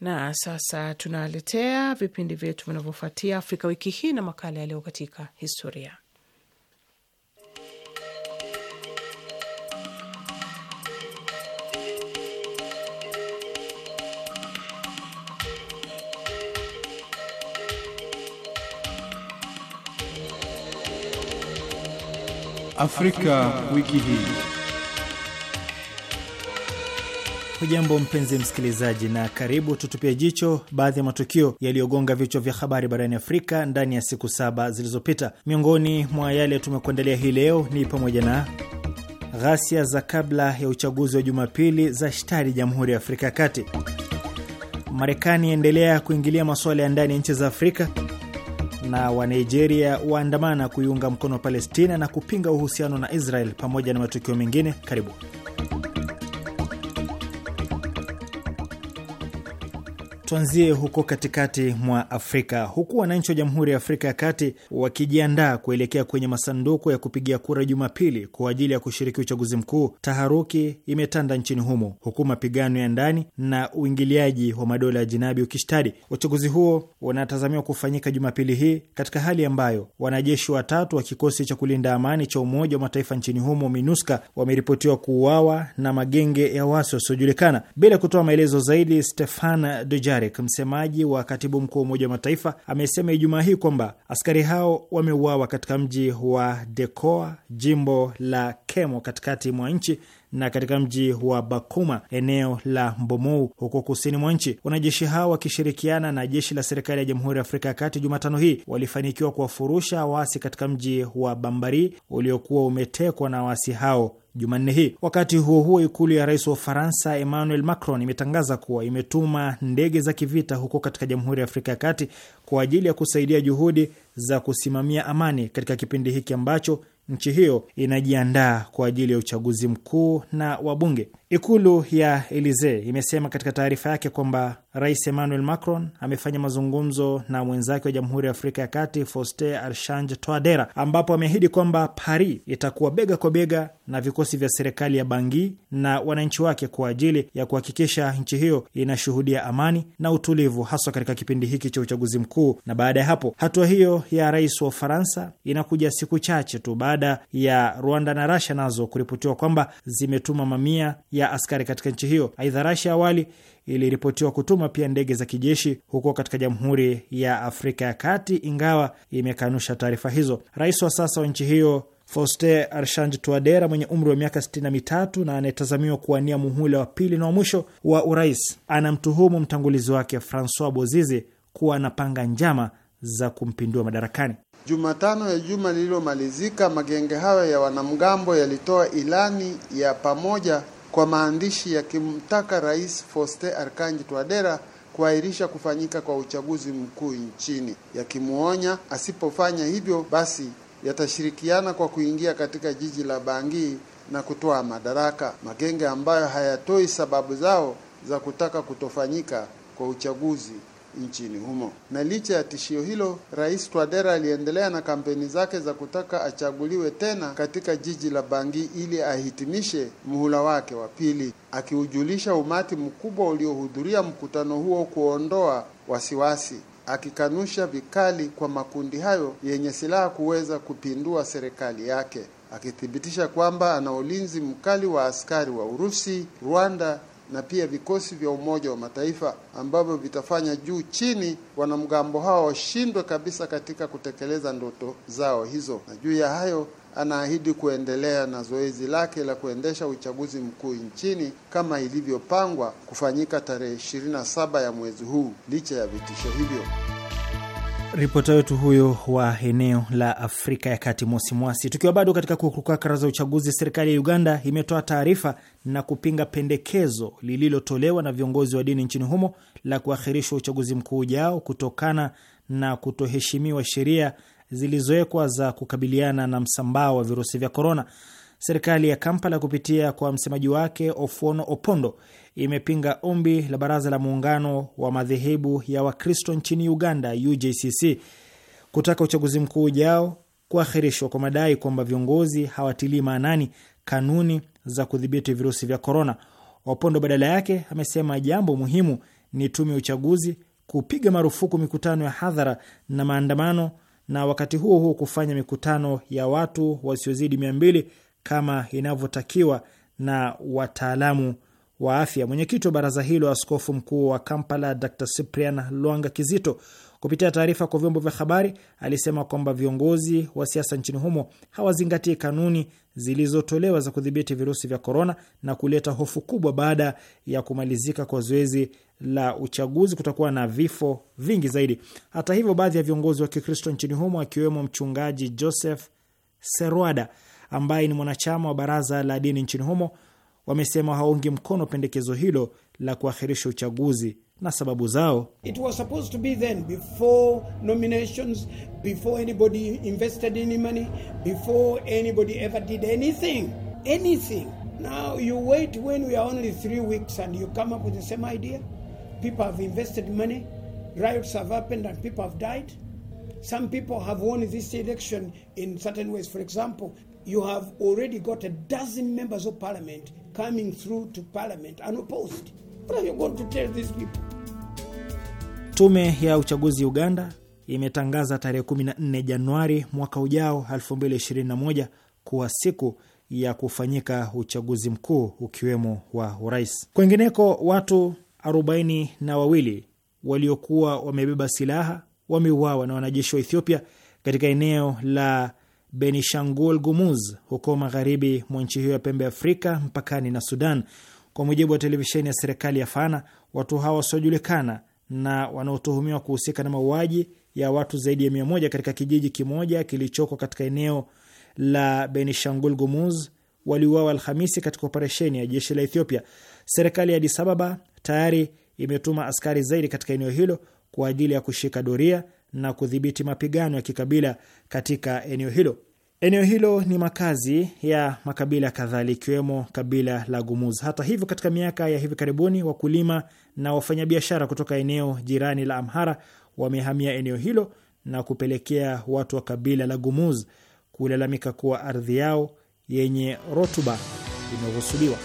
Na sasa tunaletea vipindi vyetu vinavyofuatia Afrika wiki hii na makala ya leo katika historia Afrika wiki hii. Hujambo mpenzi msikilizaji, na karibu tutupie jicho baadhi ya matukio yaliyogonga vichwa vya habari barani Afrika ndani ya siku saba zilizopita. Miongoni mwa yale tumekuandalia hii leo ni pamoja na ghasia za kabla ya uchaguzi wa Jumapili za shtari Jamhuri ya Afrika ya Kati, Marekani yaendelea kuingilia masuala ya ndani ya nchi za Afrika na Wanigeria waandamana kuiunga mkono Palestina na kupinga uhusiano na Israel pamoja na matukio mengine. Karibu. Tuanzie huko katikati mwa Afrika, huku wananchi wa Jamhuri ya Afrika ya Kati wakijiandaa kuelekea kwenye masanduku ya kupigia kura Jumapili kwa ajili ya kushiriki uchaguzi mkuu, taharuki imetanda nchini humo, huku mapigano ya ndani na uingiliaji wa madola ya jinabi ukishtadi. Uchaguzi huo unatazamiwa kufanyika Jumapili hii katika hali ambayo wanajeshi watatu wa kikosi cha kulinda amani cha Umoja wa Mataifa nchini humo minuska wameripotiwa kuuawa na magenge ya wasi wasiojulikana. Bila kutoa maelezo zaidi, Stefan Dujari Mubarak, msemaji wa katibu mkuu wa Umoja wa Mataifa, amesema Ijumaa hii kwamba askari hao wameuawa katika mji wa Dekoa, jimbo la Kemo, katikati mwa nchi na katika mji wa Bakuma, eneo la Mbomou, huko kusini mwa nchi. Wanajeshi hao wakishirikiana na jeshi la serikali ya Jamhuri ya Afrika ya Kati Jumatano hii walifanikiwa kuwafurusha waasi katika mji wa Bambari uliokuwa umetekwa na waasi hao Jumanne hii. Wakati huo huo, ikulu ya rais wa Ufaransa Emmanuel Macron imetangaza kuwa imetuma ndege za kivita huko katika Jamhuri ya Afrika ya Kati kwa ajili ya kusaidia juhudi za kusimamia amani katika kipindi hiki ambacho nchi hiyo inajiandaa kwa ajili ya uchaguzi mkuu na wabunge. Ikulu ya Elisee imesema katika taarifa yake kwamba Rais Emmanuel Macron amefanya mazungumzo na mwenzake wa Jamhuri ya Afrika ya Kati Faustin Archange Touadera, ambapo ameahidi kwamba Paris itakuwa bega kwa bega na vikosi vya serikali ya Bangi na wananchi wake kwa ajili ya kuhakikisha nchi hiyo inashuhudia amani na utulivu, haswa katika kipindi hiki cha uchaguzi mkuu. Na baada ya hapo, hatua hiyo ya rais wa Ufaransa inakuja siku chache tu baada ya Rwanda na rasha nazo kuripotiwa kwamba zimetuma mamia ya askari katika nchi hiyo. Aidha, Rasia awali iliripotiwa kutuma pia ndege za kijeshi huko katika Jamhuri ya Afrika ya Kati, ingawa imekanusha taarifa hizo. Rais wa sasa wa nchi hiyo Foste Arshange Tuadera mwenye umri wa miaka mitatu na anayetazamiwa kuwania muhula wa pili na wa mwisho wa urais anamtuhumu mtangulizi wake Francois Bozize kuwa anapanga njama za kumpindua madarakani. Jumatano ya juma lililomalizika, magenge hayo ya wanamgambo yalitoa ilani ya pamoja kwa maandishi yakimtaka Rais Faustin Archange Touadera kuahirisha kufanyika kwa uchaguzi mkuu nchini, yakimwonya asipofanya hivyo basi yatashirikiana kwa kuingia katika jiji la Bangui na kutoa madaraka magenge ambayo hayatoi sababu zao za kutaka kutofanyika kwa uchaguzi nchini humo. Na licha ya tishio hilo, Rais Twadera aliendelea na kampeni zake za kutaka achaguliwe tena katika jiji la Bangi ili ahitimishe muhula wake wa pili, akiujulisha umati mkubwa uliohudhuria mkutano huo kuondoa wasiwasi akikanusha vikali kwa makundi hayo yenye silaha kuweza kupindua serikali yake, akithibitisha kwamba ana ulinzi mkali wa askari wa Urusi, Rwanda na pia vikosi vya Umoja wa Mataifa ambavyo vitafanya juu chini wanamgambo hao washindwe kabisa katika kutekeleza ndoto zao hizo. Na juu ya hayo, anaahidi kuendelea na zoezi lake la kuendesha uchaguzi mkuu nchini kama ilivyopangwa kufanyika tarehe 27 ya mwezi huu licha ya vitisho hivyo. Ripota wetu huyo wa eneo la Afrika ya Kati, mwasi Mwasi. Tukiwa bado katika kurukakara za uchaguzi, serikali ya Uganda imetoa taarifa na kupinga pendekezo lililotolewa na viongozi wa dini nchini humo la kuahirishwa uchaguzi mkuu ujao kutokana na kutoheshimiwa sheria zilizowekwa za kukabiliana na msambao wa virusi vya korona. Serikali ya Kampala kupitia kwa msemaji wake Ofuono Opondo imepinga ombi la baraza la muungano wa madhehebu ya Wakristo nchini Uganda, UJCC, kutaka uchaguzi mkuu ujao kuahirishwa kwa madai kwamba viongozi hawatilii maanani kanuni za kudhibiti virusi vya korona. Wapondo badala yake amesema jambo muhimu ni tume ya uchaguzi kupiga marufuku mikutano ya hadhara na maandamano, na wakati huo huo kufanya mikutano ya watu wasiozidi mia mbili kama inavyotakiwa na wataalamu wa afya. Mwenyekiti wa baraza hilo, askofu mkuu wa Kampala Dr Cyprian Lwanga Kizito, kupitia taarifa kwa vyombo vya habari, alisema kwamba viongozi wa siasa nchini humo hawazingatii kanuni zilizotolewa za kudhibiti virusi vya korona na kuleta hofu kubwa. Baada ya kumalizika kwa zoezi la uchaguzi, kutakuwa na vifo vingi zaidi. Hata hivyo, baadhi ya viongozi wa Kikristo nchini humo akiwemo mchungaji Joseph Serwada ambaye ni mwanachama wa baraza la dini nchini humo wamesema hawaungi mkono pendekezo hilo la kuahirisha uchaguzi na sababu zao. It was supposed to be then before nominations, before anybody invested any money, before anybody ever did anything, anything. Now you wait when we are only three weeks and you come up with the same idea. People have invested money, riots have happened and people have died. Some people have won this election in certain ways. For example, you have already got a dozen members of parliament coming through to parliament unopposed. What are you going to tell these people? Tume ya uchaguzi Uganda imetangaza tarehe 14 Januari mwaka ujao 2021 kuwa siku ya kufanyika uchaguzi mkuu ukiwemo wa urais. Kwengineko, watu arobaini na wawili waliokuwa wamebeba silaha wameuawa na wanajeshi wa Ethiopia katika eneo la Benishangul Gumuz huko magharibi mwa nchi hiyo ya pembe Afrika mpakani na Sudan. Kwa mujibu wa televisheni ya serikali ya Fana, watu hawa wasiojulikana na wanaotuhumiwa kuhusika na mauaji ya watu zaidi ya mia moja katika kijiji kimoja kilichoko katika eneo la Benishangul Gumuz waliuawa Alhamisi katika operesheni ya jeshi la Ethiopia. Serikali ya Adis Ababa tayari imetuma askari zaidi katika eneo hilo kwa ajili ya kushika doria na kudhibiti mapigano ya kikabila katika eneo hilo. Eneo hilo ni makazi ya makabila kadhaa likiwemo kabila la Gumuz. Hata hivyo, katika miaka ya hivi karibuni, wakulima na wafanyabiashara kutoka eneo jirani la Amhara wamehamia eneo hilo na kupelekea watu wa kabila la Gumuz kulalamika kuwa ardhi yao yenye rutuba imeghusubiwa.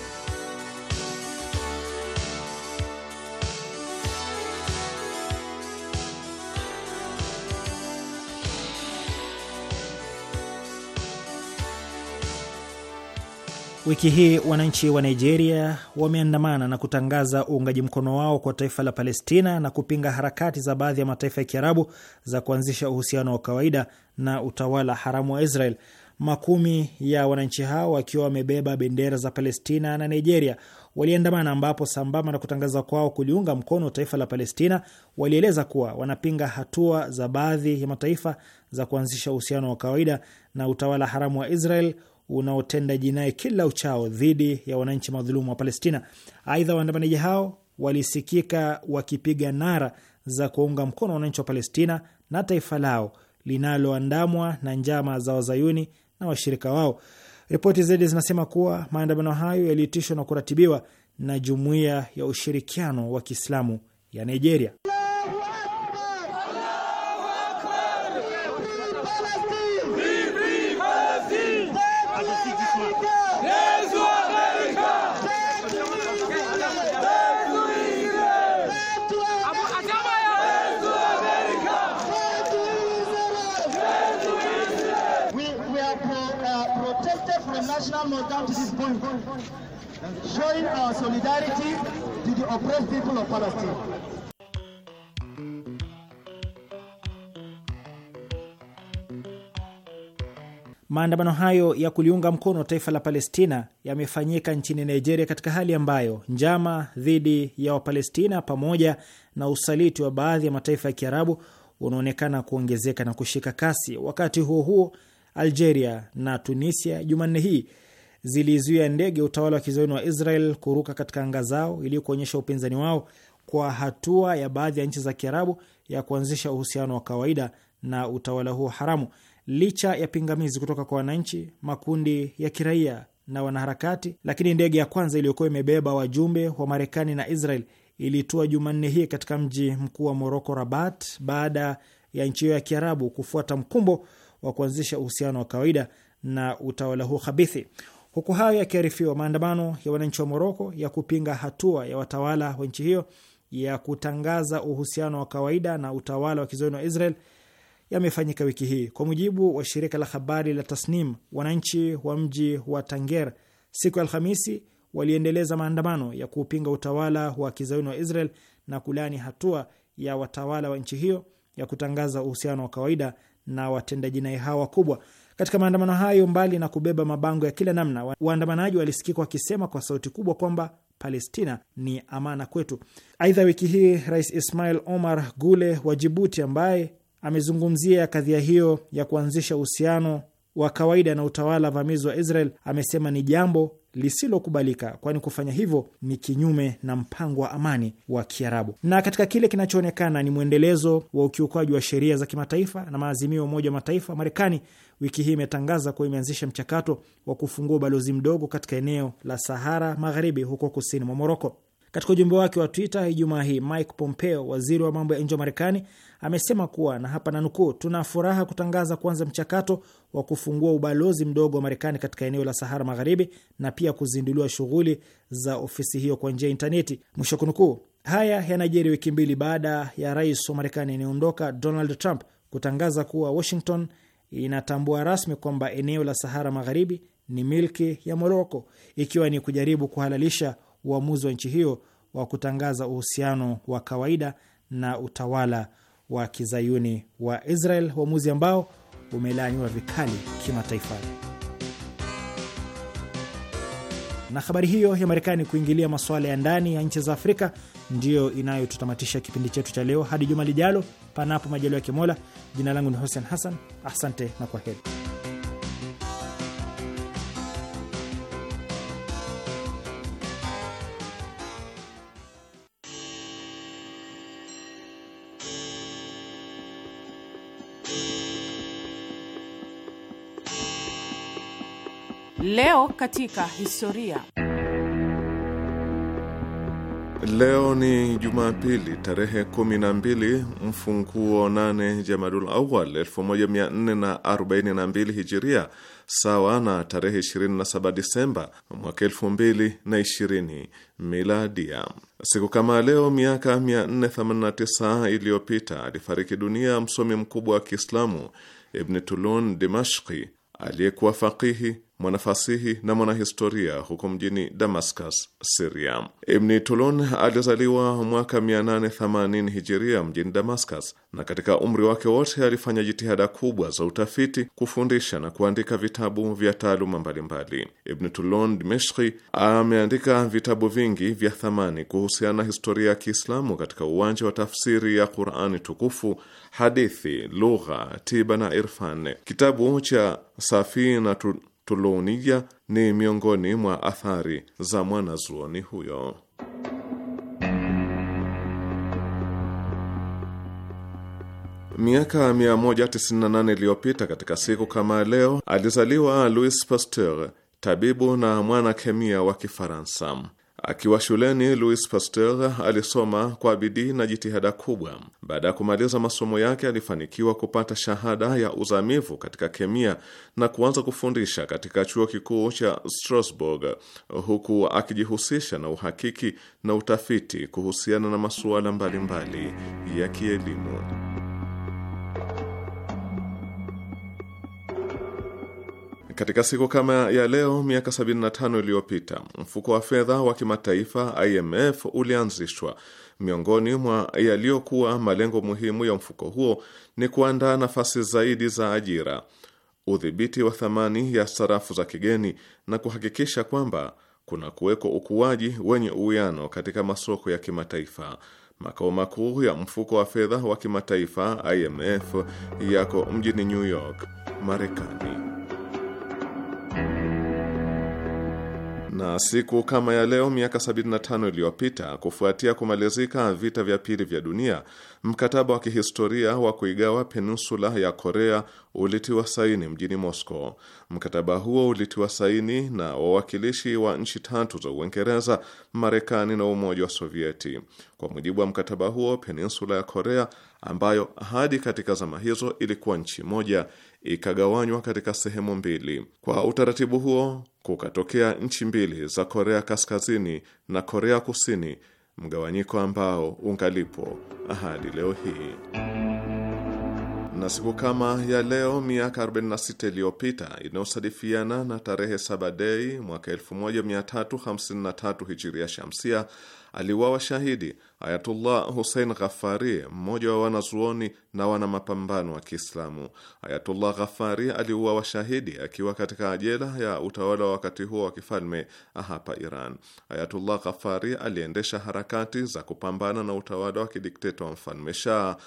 Wiki hii wananchi wa Nigeria wameandamana na kutangaza uungaji mkono wao kwa taifa la Palestina na kupinga harakati za baadhi ya mataifa ya Kiarabu za kuanzisha uhusiano wa kawaida na utawala haramu wa Israel. Makumi ya wananchi hao wakiwa wamebeba bendera za Palestina na Nigeria waliandamana, ambapo sambamba na kutangaza kwao kuliunga mkono taifa la Palestina, walieleza kuwa wanapinga hatua za baadhi ya mataifa za kuanzisha uhusiano wa kawaida na utawala haramu wa Israel unaotenda jinai kila uchao dhidi ya wananchi madhulumu wa Palestina. Aidha, waandamanaji hao walisikika wakipiga nara za kuunga mkono wananchi wa Palestina na taifa lao linaloandamwa na njama za wazayuni na washirika wao. Ripoti zaidi zinasema kuwa maandamano hayo yaliitishwa na kuratibiwa na Jumuiya ya Ushirikiano wa Kiislamu ya Nigeria. showing our solidarity to the oppressed people of Palestine. Maandamano hayo ya kuliunga mkono taifa la Palestina yamefanyika nchini Nigeria katika hali ambayo njama dhidi ya Wapalestina pamoja na usaliti wa baadhi ya mataifa ya Kiarabu unaonekana kuongezeka na kushika kasi. Wakati huo huo, Algeria na Tunisia Jumanne hii zilizuia ndege utawala wa kizayuni wa Israel kuruka katika anga zao ili kuonyesha upinzani wao kwa hatua ya baadhi ya nchi za Kiarabu ya kuanzisha uhusiano wa kawaida na utawala huo haramu. Licha ya pingamizi kutoka kwa wananchi, makundi ya kiraia na wanaharakati, lakini ndege ya kwanza iliyokuwa imebeba wajumbe wa Marekani na Israel ilitua Jumanne hii katika mji mkuu wa Moroko, Rabat, baada ya nchi hiyo ya Kiarabu kufuata mkumbo wa kuanzisha uhusiano wa kawaida na utawala huo khabithi. Huku hayo yakiarifiwa, maandamano ya wananchi wa Moroko ya kupinga hatua ya watawala wa nchi hiyo ya kutangaza uhusiano wa kawaida na utawala wa kizayuni wa Israel yamefanyika wiki hii. Kwa mujibu wa shirika la habari la Tasnim, wananchi wa mji wa Tanger siku ya Alhamisi waliendeleza maandamano ya kupinga utawala wa kizayuni wa Israel na kulaani hatua ya watawala wa nchi hiyo ya kutangaza uhusiano wa kawaida na watenda jinai hawa wakubwa. Katika maandamano hayo, mbali na kubeba mabango ya kila namna, waandamanaji walisikika wakisema kwa sauti kubwa kwamba Palestina ni amana kwetu. Aidha, wiki hii Rais Ismail Omar Gule wa Jibuti, ambaye amezungumzia kadhia hiyo ya kuanzisha uhusiano wa kawaida na utawala vamizi wa Israel, amesema ni jambo lisilokubalika, kwani kufanya hivyo ni kinyume na mpango wa amani wa Kiarabu. Na katika kile kinachoonekana ni mwendelezo wa ukiukaji wa sheria za kimataifa na maazimio ya Umoja wa Mataifa, Marekani wiki hii imetangaza kuwa imeanzisha mchakato wa kufungua ubalozi mdogo katika eneo la Sahara Magharibi, huko kusini mwa Moroko. Katika ujumbe wake wa Twitter Ijumaa hii, Mike Pompeo, waziri wa mambo ya nje wa Marekani, amesema kuwa na hapa na nukuu, tuna furaha kutangaza kuanza mchakato wa kufungua ubalozi mdogo wa Marekani katika eneo la Sahara Magharibi na pia kuzinduliwa shughuli za ofisi hiyo kwa njia ya intaneti, mwisho kunukuu. Haya yanajiri wiki mbili baada ya rais wa Marekani anayeondoka Donald Trump kutangaza kuwa Washington inatambua rasmi kwamba eneo la Sahara Magharibi ni milki ya Moroko, ikiwa ni kujaribu kuhalalisha uamuzi wa nchi hiyo wa kutangaza uhusiano wa kawaida na utawala wa kizayuni wa Israel, uamuzi ambao umelaaniwa vikali kimataifa. Na habari hiyo ya Marekani kuingilia masuala ya ndani ya nchi za Afrika ndiyo inayotutamatisha kipindi chetu cha leo. Hadi juma lijalo, panapo majaliwa ya Kimola. Jina langu ni Hussein Hassan, asante na kwa heri. Leo katika historia. Leo ni Jumapili tarehe 12 mfunguo 8 Jamadul Awal 1442 Hijiria, sawa na tarehe 27 Disemba mwaka 2020 Miladia. Siku kama leo miaka 489 iliyopita alifariki dunia msomi mkubwa wa Kiislamu Ibn Tulun Dimashki aliyekuwa fakihi mwanafasihi na mwanahistoria huko mjini Damascus, Siria. Ibni Tulun alizaliwa mwaka 880 hijiria mjini Damascus, na katika umri wake wote alifanya jitihada kubwa za utafiti, kufundisha na kuandika vitabu vya taaluma mbalimbali. Ibni Tulun Dimeshki ameandika vitabu vingi vya thamani kuhusiana na historia ya Kiislamu katika uwanja wa tafsiri ya Qurani tukufu, hadithi, lugha, tiba na irfan. Kitabu cha Safinatu Tulunia ni miongoni mwa athari za mwanazuoni huyo. Miaka 198 iliyopita katika siku kama leo alizaliwa Louis Pasteur, tabibu na mwana kemia wa Kifaransa. Akiwa shuleni Louis Pasteur alisoma kwa bidii na jitihada kubwa. Baada ya kumaliza masomo yake, alifanikiwa kupata shahada ya uzamivu katika kemia na kuanza kufundisha katika chuo kikuu cha Strasbourg, huku akijihusisha na uhakiki na utafiti kuhusiana na masuala mbalimbali ya kielimu. Katika siku kama ya leo miaka 75 iliyopita mfuko wa fedha wa kimataifa IMF ulianzishwa. Miongoni mwa yaliyokuwa malengo muhimu ya mfuko huo ni kuandaa nafasi zaidi za ajira, udhibiti wa thamani ya sarafu za kigeni na kuhakikisha kwamba kuna kuwekwa ukuaji wenye uwiano katika masoko ya kimataifa. Makao makuu ya mfuko wa fedha wa kimataifa IMF yako mjini New York, Marekani. na siku kama ya leo miaka 75 iliyopita, kufuatia kumalizika vita vya pili vya dunia, mkataba wa kihistoria wa kuigawa peninsula ya Korea ulitiwa saini mjini Moscow. Mkataba huo ulitiwa saini na wawakilishi wa nchi tatu za Uingereza, Marekani na Umoja wa Sovieti. Kwa mujibu wa mkataba huo, peninsula ya Korea ambayo hadi katika zama hizo ilikuwa nchi moja ikagawanywa katika sehemu mbili. Kwa utaratibu huo kukatokea nchi mbili za Korea Kaskazini na Korea Kusini, mgawanyiko ambao ungalipo hadi leo hii. Na siku kama ya leo miaka 46 iliyopita inayosadifiana na tarehe 7 Dei mwaka 1353 hijiria shamsia aliuawa shahidi Ayatullah Hussein Ghafari, mmoja wa wanazuoni na wana mapambano wa Kiislamu. Ayatullah Ghafari aliuawa shahidi akiwa katika jela ya utawala wa wakati huo wa kifalme hapa Iran. Ayatullah Ghafari aliendesha harakati za kupambana na utawala wa kidikteta wa mfalme Shah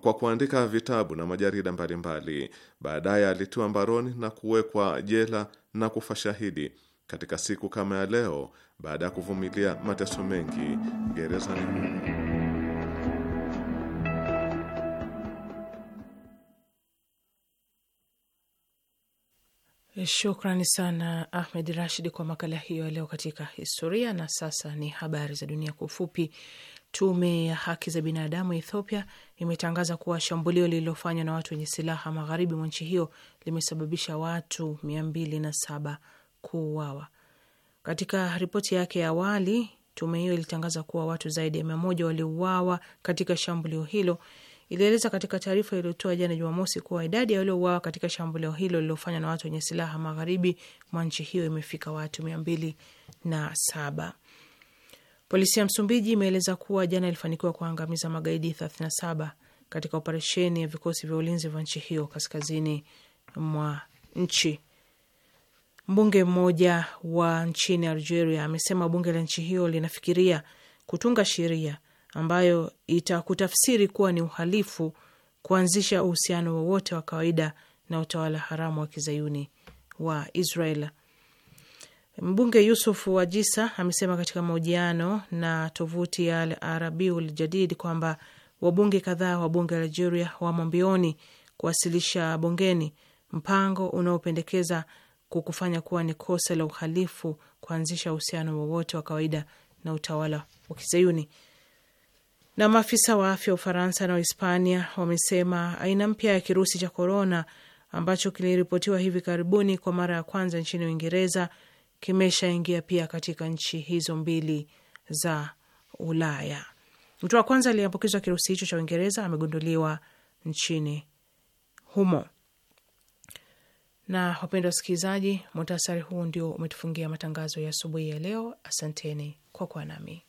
kwa kuandika vitabu na majarida mbalimbali. Baadaye alitiwa mbaroni na kuwekwa jela na kufa shahidi katika siku kama ya leo baada ya kuvumilia mateso mengi gerezani. Shukrani sana Ahmed Rashid kwa makala hiyo leo katika historia. Na sasa ni habari za dunia kwa ufupi. Tume ya haki za binadamu Ethiopia imetangaza kuwa shambulio lililofanywa na watu wenye silaha magharibi mwa nchi hiyo limesababisha watu mia mbili na saba kuuawa. Katika ripoti yake ya awali, tume hiyo ilitangaza kuwa watu zaidi ya mia moja waliuawa katika shambulio hilo. Ilieleza katika taarifa iliyotoa jana Jumamosi kuwa idadi ya waliouawa katika shambulio hilo lililofanywa na watu wenye silaha magharibi mwa nchi hiyo imefika watu mia mbili na saba. Polisi ya Msumbiji imeeleza kuwa jana ilifanikiwa kuangamiza magaidi 37 katika operesheni ya vikosi vya ulinzi vya nchi hiyo kaskazini mwa nchi. Mbunge mmoja wa nchini Algeria amesema bunge la nchi hiyo linafikiria kutunga sheria ambayo itakutafsiri kuwa ni uhalifu kuanzisha uhusiano wowote wa kawaida na utawala haramu wa kizayuni wa Israel. Mbunge Yusuf Wajisa amesema katika mahojiano na tovuti ya Al Arabiul Jadid kwamba wabunge kadhaa wa bunge la Algeria wamo mbioni kuwasilisha bungeni mpango unaopendekeza kukufanya kuwa ni kosa la uhalifu kuanzisha uhusiano wowote wa kawaida na utawala wa Kizayuni. Na maafisa wa afya wa Ufaransa na Uhispania wamesema aina mpya ya kirusi cha korona ambacho kiliripotiwa hivi karibuni kwa mara ya kwanza nchini Uingereza kimeshaingia pia katika nchi hizo mbili za Ulaya. Mtu wa kwanza aliyeambukizwa kirusi hicho cha Uingereza amegunduliwa nchini humo. Na wapendwa wasikilizaji, muhtasari huu ndio umetufungia matangazo ya asubuhi ya leo. Asanteni kwa kuwa nami.